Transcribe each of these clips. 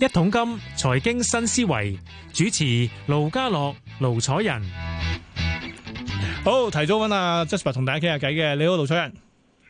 一桶金財經新思維，主持盧家樂、盧楚仁，好提早搵阿 Jasper 同大家傾下偈嘅，你好盧楚仁，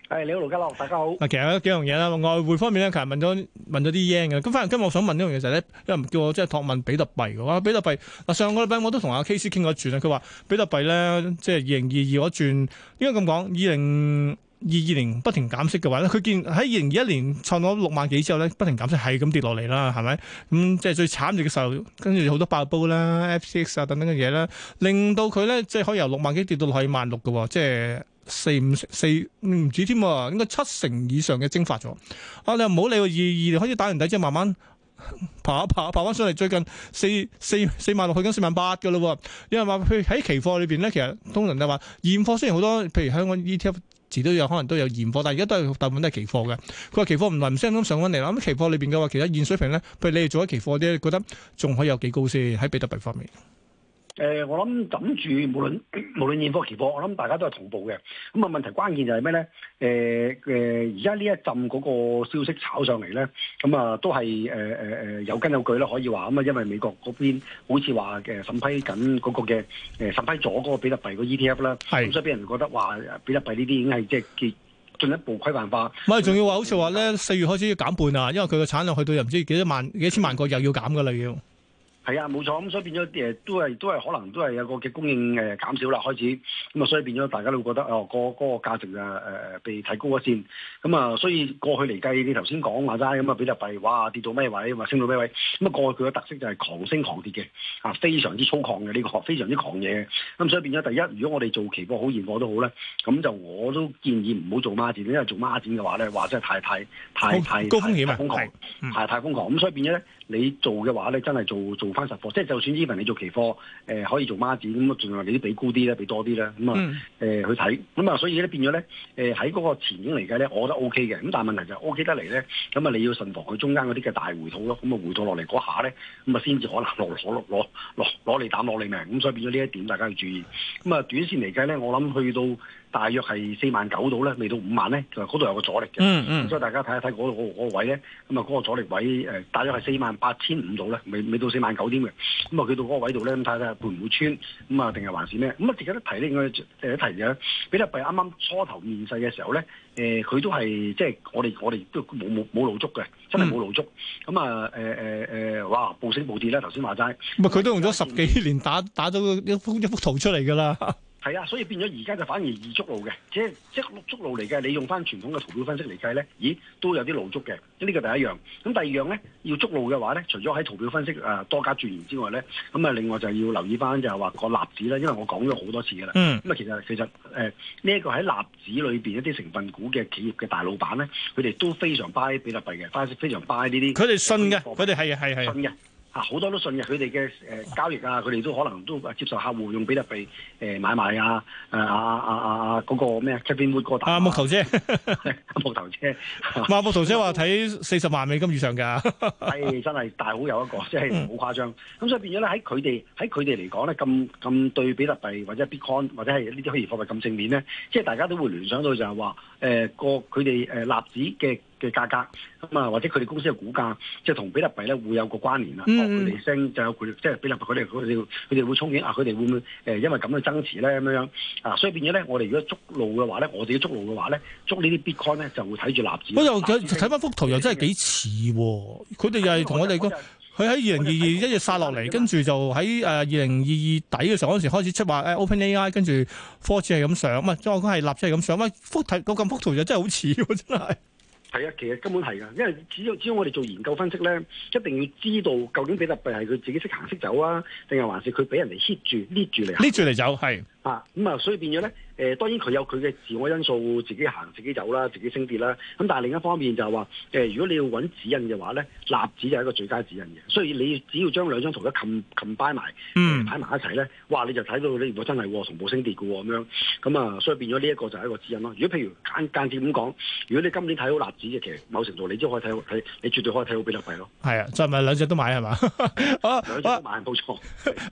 係你好盧家樂，大家好。嗱，其實有幾樣嘢啦，外匯方面咧，琴日問咗問咗啲嘢嘅，咁反而今日我想問呢樣嘢就係咧，有人叫我即係託問比特幣嘅話，比特幣嗱上個禮拜我都同阿 K C 傾咗一轉啦，佢話比特幣咧即係二零二二嗰轉，應該咁講二零。20... 二二年不停減息嘅話咧，佢見喺二零二一年創咗六萬幾之後咧，不停減息係咁跌落嚟啦，係咪？咁、嗯、即係最慘嘅時候，跟住好多爆煲啦、F T X 啊等等嘅嘢啦，令到佢咧即係可以由六萬幾跌到萬六嘅，即係四五四唔止添喎，應該七成以上嘅蒸發咗。啊，你又唔好理佢二二年開始打完底之後慢慢爬一爬，爬翻上嚟，最近四四四萬六去緊四萬八嘅咯。因為話嘛？譬喺期貨裏邊咧，其實通常就話現貨雖然好多，譬如香港 E T F。字都有可能都有現貨，但係而家都係大部分都係期貨嘅。佢話期貨唔係唔升咁上翻嚟啦。咁期貨裏邊嘅話，其他現水平咧，譬如你哋做咗期貨啲，你覺得仲可以有幾高先？喺比特幣方面。誒、呃，我諗枕住無論無論現貨期貨，我諗大家都係同步嘅。咁啊，問題關鍵就係咩咧？誒、呃、誒，而家呢一陣嗰個消息炒上嚟咧，咁、嗯、啊，都係誒誒誒有根有據啦，可以話。咁啊，因為美國嗰邊好似話嘅審批緊嗰個嘅誒審批咗嗰個比特幣個 ETF 啦，咁所以俾人覺得話比特幣呢啲已經係即係進一步規範化。唔係，仲要話好似話咧，四月開始要減半啊，因為佢個產量去到又唔知道幾多萬幾千萬個又要減噶啦要。係啊，冇錯咁，所以變咗誒，都係都係可能都係有個嘅供應誒減少啦，開始咁啊，所以變咗大家都會覺得哦，呃那個嗰、那個價值嘅誒、呃、被提高咗先咁啊、嗯，所以過去嚟計，你頭先講話齋咁啊，比特幣哇跌到咩位，話升到咩位咁啊，過去佢嘅特色就係狂升狂跌嘅啊，非常之粗狂嘅呢、呢個學，非常之狂野嘅咁，所以變咗第一，如果我哋做期貨好現貨都好咧，咁就我都建議唔好做孖展，因為做孖展嘅話咧，話真係太太太太高風險啊，太，太瘋狂咁、嗯嗯，所以變咗咧。你做嘅話咧，真係做做翻實貨，即係就算 even 你做期貨，誒、呃、可以做孖展咁，儘量你都俾高啲咧，俾多啲啦。咁啊誒去睇，咁、嗯、啊所以咧變咗咧誒喺嗰個前景嚟計咧，我覺得 O K 嘅，咁但係問題就 O K 得嚟咧，咁啊你要慎防佢中間嗰啲嘅大回吐咯，咁、嗯、啊回吐落嚟嗰下咧，咁啊先至可能落落落落攞你膽攞你命，咁、嗯、所以變咗呢一點大家要注意。咁、嗯、啊短線嚟計咧，我諗去到大約係四萬九到咧，未到五萬咧，就嗰度有個阻力嘅，咁、嗯嗯、所以大家睇一睇嗰個位咧，咁啊嗰個阻力位誒、呃、大約係四萬八千五度咧，未未到四萬九點嘅，咁啊，佢到嗰個位度咧，咁睇睇會唔會穿，咁啊，定係還是咩？咁啊，值得都提呢，應該一提嘅。比特幣啱啱初頭面世嘅時候咧，誒、呃，佢都係即係我哋我哋都冇冇冇露足嘅，真係冇露足。咁、呃、啊，誒誒誒，哇，暴升暴跌啦，頭先話齋，咪佢都用咗十幾年打打到一幅一幅圖出嚟㗎啦。啊，所以變咗而家就反而易捉路嘅，即係即係捉路嚟嘅。你用翻傳統嘅圖表分析嚟計咧，咦都有啲路捉嘅。呢個第一樣。咁第二樣咧，要捉路嘅話咧，除咗喺圖表分析誒、呃、多加注言之外咧，咁啊另外就要留意翻就係話個納指啦，因為我講咗好多次㗎啦。咁、嗯、啊其實其實誒呢一個喺納指裏邊一啲成分股嘅企業嘅大老闆咧，佢哋都非常 buy 比特幣嘅，非常 buy 呢啲。佢哋信嘅，佢哋係係係信嘅。啊！好多都信嘅，佢哋嘅誒交易啊，佢哋都可能都接受客戶用比特幣誒、呃、買賣啊！誒啊啊啊啊！嗰、啊啊那個咩？出邊木哥打木頭姐？木頭姐。哇、啊啊啊！木頭姐話睇四十萬美金以上㗎、啊，係、啊、真係大好有一個，真係好誇張。咁、嗯、所以變咗咧，喺佢哋喺佢哋嚟講咧，咁咁對比特幣或者 Bitcoin 或者係呢啲虛擬貨幣咁正面咧，即、就、係、是、大家都會聯想到就係話誒個佢哋誒納指嘅。呃嘅價格咁啊，或者佢哋公司嘅股價，即係同比特幣咧會有個關聯啦。佢哋升就有佢，即、就、係、是、比特佢佢哋佢哋會憧憬啊！佢哋會唔會誒、呃、因為咁去增持咧咁樣啊？所以變咗咧，我哋如果捉路嘅話咧，我自己捉路嘅話咧，捉呢啲 Bitcoin 咧就會睇住納指。又睇翻幅圖又真係幾似喎！佢哋又係同我哋佢喺二零二二一月殺落嚟，跟住就喺誒二零二二底嘅時候嗰陣、嗯、時、嗯、開始出話 OpenAI，跟住科指係咁上嘛，即係我講係納指係咁上翻幅圖嗰咁幅圖又真係好似喎，真係。係啊，其實根本係噶，因為只要只要我哋做研究分析咧，一定要知道究竟比特幣係佢自己識行識走啊，定係還是佢俾人哋搣住搣住嚟搣住嚟走？係啊，咁啊，所以變咗咧。誒當然佢有佢嘅自我因素，自己行自己走啦，自己升跌啦。咁但係另一方面就係話，誒如果你要揾指引嘅話咧，納指就係一個最佳指引嘅。所以你只要將兩張圖一冚冚埋，嗯，擺埋一齊咧，哇！你就睇到你如果真係同步升跌嘅咁樣，咁啊，所以變咗呢一個就係一個指引咯。如果譬如間間接咁講，如果你今年睇好納指嘅，其實某程度你都可以睇到睇，你絕對可以睇好比特幣咯。係啊，再咪兩隻都買係嘛 啊啊？兩隻都買冇、啊、錯。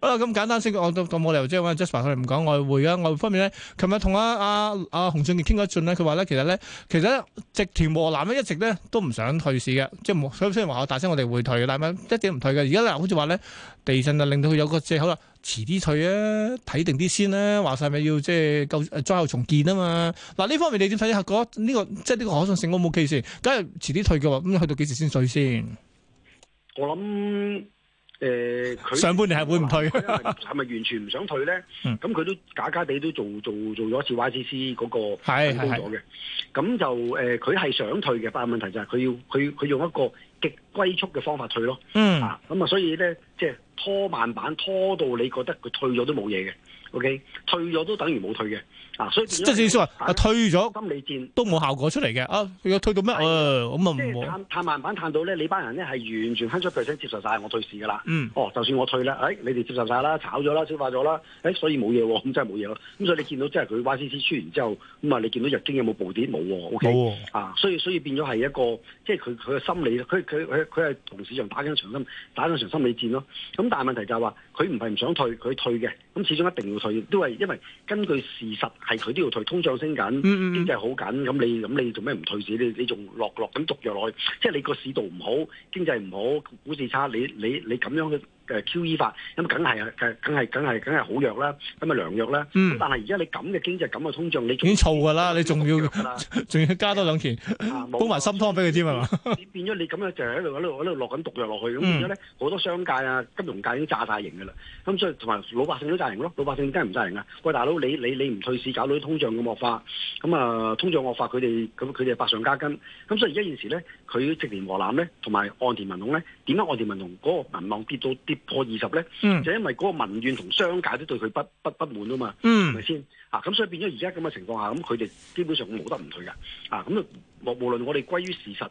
啊，咁、啊、簡單先，我冇理由即係揾 Jasper 佢哋唔講外匯啊，外匯方面咧。同阿阿阿洪俊傑傾咗一陣咧，佢話咧其實咧，其實，其實直田和男一直咧都唔想退市嘅，即係雖然話我大聲我哋會退，但係咧一直唔退嘅。而家嗱，好似話咧地震啊，令到佢有個借口啦，遲啲退啊，睇定啲先啦。話晒咪要即係救災後重建啊嘛。嗱、啊、呢方面你點睇啊？嗰呢、這個即係呢個可信性 O 唔 O K 先？梗係遲啲退嘅話，咁去到幾時先退先？我諗。誒、呃，佢上半年係會唔退，係咪完全唔想退咧？咁 佢都假假地都做做做咗一次 YCC 嗰個，係 係， 高咗、呃、嘅。咁就誒，佢係想退嘅，但係問題就係佢要佢佢用一個極龜速嘅方法退咯。嗯， 啊，咁啊，所以咧，即、就、係、是。拖慢板拖到你覺得佢退咗都冇嘢嘅，OK？退咗都等於冇退嘅，啊！所以即係意思話，啊退咗心理戰都冇效果出嚟嘅啊！佢要退到咩？誒咁啊探慢板探到咧，你班人咧係完全肯出佢聲接受晒我退市㗎啦、嗯。哦，就算我退啦，誒、哎、你哋接受晒啦，炒咗啦，消化咗啦，誒、欸、所以冇嘢喎，咁真係冇嘢咯。咁所以你見到即係佢 Y C C 出完之後，咁啊你見到日經有冇暴跌？冇喎、哦、OK？、哦、啊，所以所以變咗係一個即係佢佢嘅心理，佢佢佢佢係同市場打緊場心，打緊場心理戰咯，咁、啊。但問題就係話，佢唔係唔想退，佢退嘅，咁始終一定要退，都係因為根據事實係佢都要退，通脹升緊，經濟好緊，咁你咁你做咩唔退市？你你仲落落咁續藥落去，即係你個市道唔好，經濟唔好，股市差，你你你咁樣嘅。誒 QE 法咁梗係梗梗係梗係梗係好藥啦，咁咪良藥啦。咁、嗯、但係而家你咁嘅經濟咁嘅通脹，你已經燥㗎啦，你仲要，仲要加多兩錢，煲、啊、埋心湯俾佢添係嘛？變咗你咁樣就係喺度喺度喺度落緊毒藥落去，咁變咗咧好多商界啊、金融界已經炸大型㗎啦。咁、嗯、所以同埋老百姓都炸型咯，老百姓梗係唔炸型㗎。喂，大佬你你你唔退市，搞到啲通脹咁惡化，咁、嗯、啊通脹惡化，佢哋咁佢哋百上加斤。咁、嗯、所以而家現時咧，佢直連禾腩咧，同埋岸田文龍咧，點解岸田文龍嗰個民望跌到跌？破二十咧，就是、因為嗰個民怨同商界都對佢不不不滿，啊嘛，係咪先？啊，咁所以變咗而家咁嘅情況下，咁佢哋基本上冇得唔退㗎，啊，咁無無論我哋歸於事實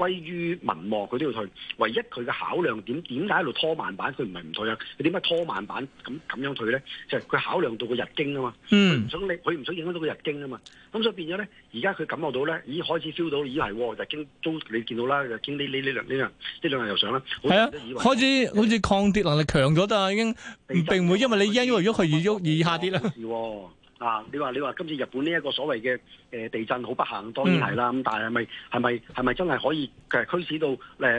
歸於文墨，佢都要退。唯一佢嘅考量點，點解喺度拖慢板？佢唔係唔退啊，佢點解拖慢板咁咁樣退咧？就係、是、佢考量到個日經啊嘛，嗯，所以你佢唔想影響到個日經啊嘛。咁所以變咗咧，而家佢感覺到咧，已經開始 feel 到，已係日經都你見到啦，日經呢呢呢呢兩，呢兩日,日又上啦。係啊，開始好似抗跌能力強咗啦，已經，並唔會因為你一喐一喐，佢而喐而下跌啦。啊！你話你話今次日本呢一個所謂嘅、呃、地震好不幸，當然係啦。咁但係係咪係咪係咪真係可以呃驅使到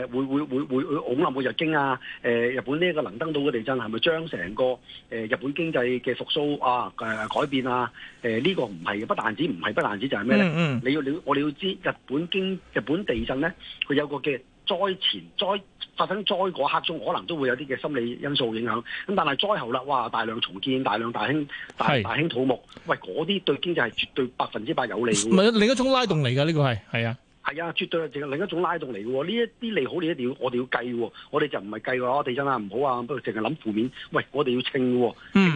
會會會會會巔臨個日經啊？呃、日本呢一個能登島嘅地震係咪將成個、呃、日本經濟嘅復甦啊、呃、改變啊？呢、呃呢個唔係不單止唔係不單止，就係咩咧？你要了我哋要知日本經日本地震咧，佢有個嘅災前災。發生災嗰一刻中，可能都會有啲嘅心理因素影響。咁但係災後啦，哇！大量重建，大量大興，大，大興土木。喂，嗰啲對經濟係絕對百分之百有利。唔係另一種拉動嚟噶，呢、這個係係啊，係啊，絕對係另一種拉動嚟嘅。呢一啲利好，你一定要我哋要計。我哋就唔係計啊地震啊唔好啊，不過淨係諗負面。喂，我哋要稱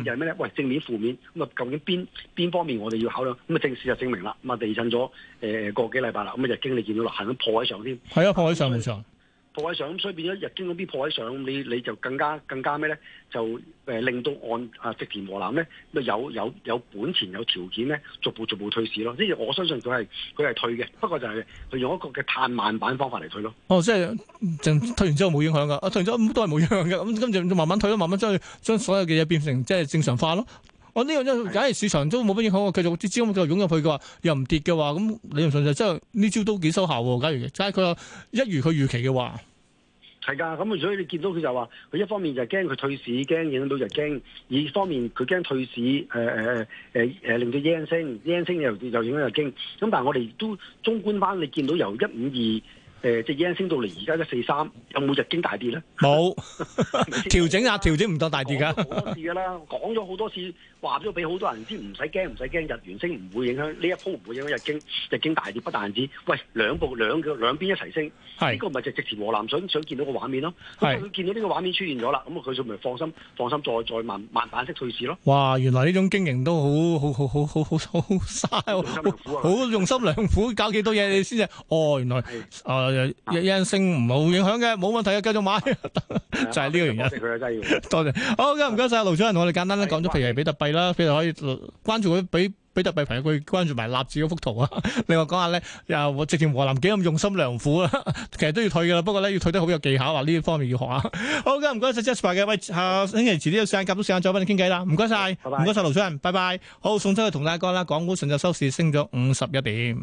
就係咩咧？喂，正面負面咁啊？究竟邊邊方面我哋要考量？咁啊？正事就證明啦。咁啊，地震咗誒個幾禮拜啦，咁啊就經濟見到流行破位上添。係啊，破位上，破位上咁，所以變咗日經嗰啲破位上，你你就更加更加咩咧？就誒、呃、令到按啊，直田和南咧，咪有有有本錢有條件咧，逐步逐步退市咯。即係我相信佢係佢係退嘅，不過就係、是、佢用一個嘅碳慢板方法嚟退咯。哦，即係就退完之後冇影響噶，啊退完咗、嗯、都係冇影響嘅，咁跟住慢慢退咯，慢慢將將所有嘅嘢變成即係正常化咯。我、哦、呢、這個真、就、係、是，假如市場都冇乜影響，我繼續啲資金繼續湧入去嘅話，又唔跌嘅話，咁理論上就真係呢招都幾收效喎。假如即係佢話一如佢預期嘅話，係㗎。咁、嗯、所以你見到佢就話，佢一方面就驚佢退市，驚影響到就驚，二方面佢驚退市，誒誒誒誒令到 yen 升，yen 升又又影響又驚。咁但係我哋都中觀翻，你見到由一五二。誒、呃，隻 yen 升到嚟而家一四三，有冇日經大跌咧？冇調 整一下，調 整唔到大跌噶。好多次噶啦，講咗好多次，話咗俾好多人知，唔使驚，唔使驚，日元升唔會影響呢一波，唔會影響日經，日經大跌不但止。喂，兩部兩兩邊一齊升，呢個咪就直前和南想想，想見到個畫面咯。係，見到呢個畫面出現咗啦，咁佢仲咪放心，放心再再慢慢反式退市咯。哇，原來呢種經營都好好好好好好好嘥，好用心良苦， 搞幾多嘢你先至哦？原來誒。一一升唔好影響嘅，冇問題嘅，繼續買，啊、 就係呢個原因。多謝佢真係要。好，今日唔該晒盧楚仁，我哋簡單咧講咗譬如比特幣啦，譬如可以關注佢，比比特幣朋友可以關注埋納指嗰幅圖啊。 另外講下咧，又我直情河南幾咁用心良苦啊，其實都要退噶，不過咧要退得好有技巧啊，呢方面要學啊。好，唔該晒 Jasper 嘅，喂、啊，下星期遲啲有時間，夾到時間再揾你傾偈啦。唔該晒，唔該晒盧楚仁，拜拜。好，送出去同大家講啦，港股上就收市升咗五十一點。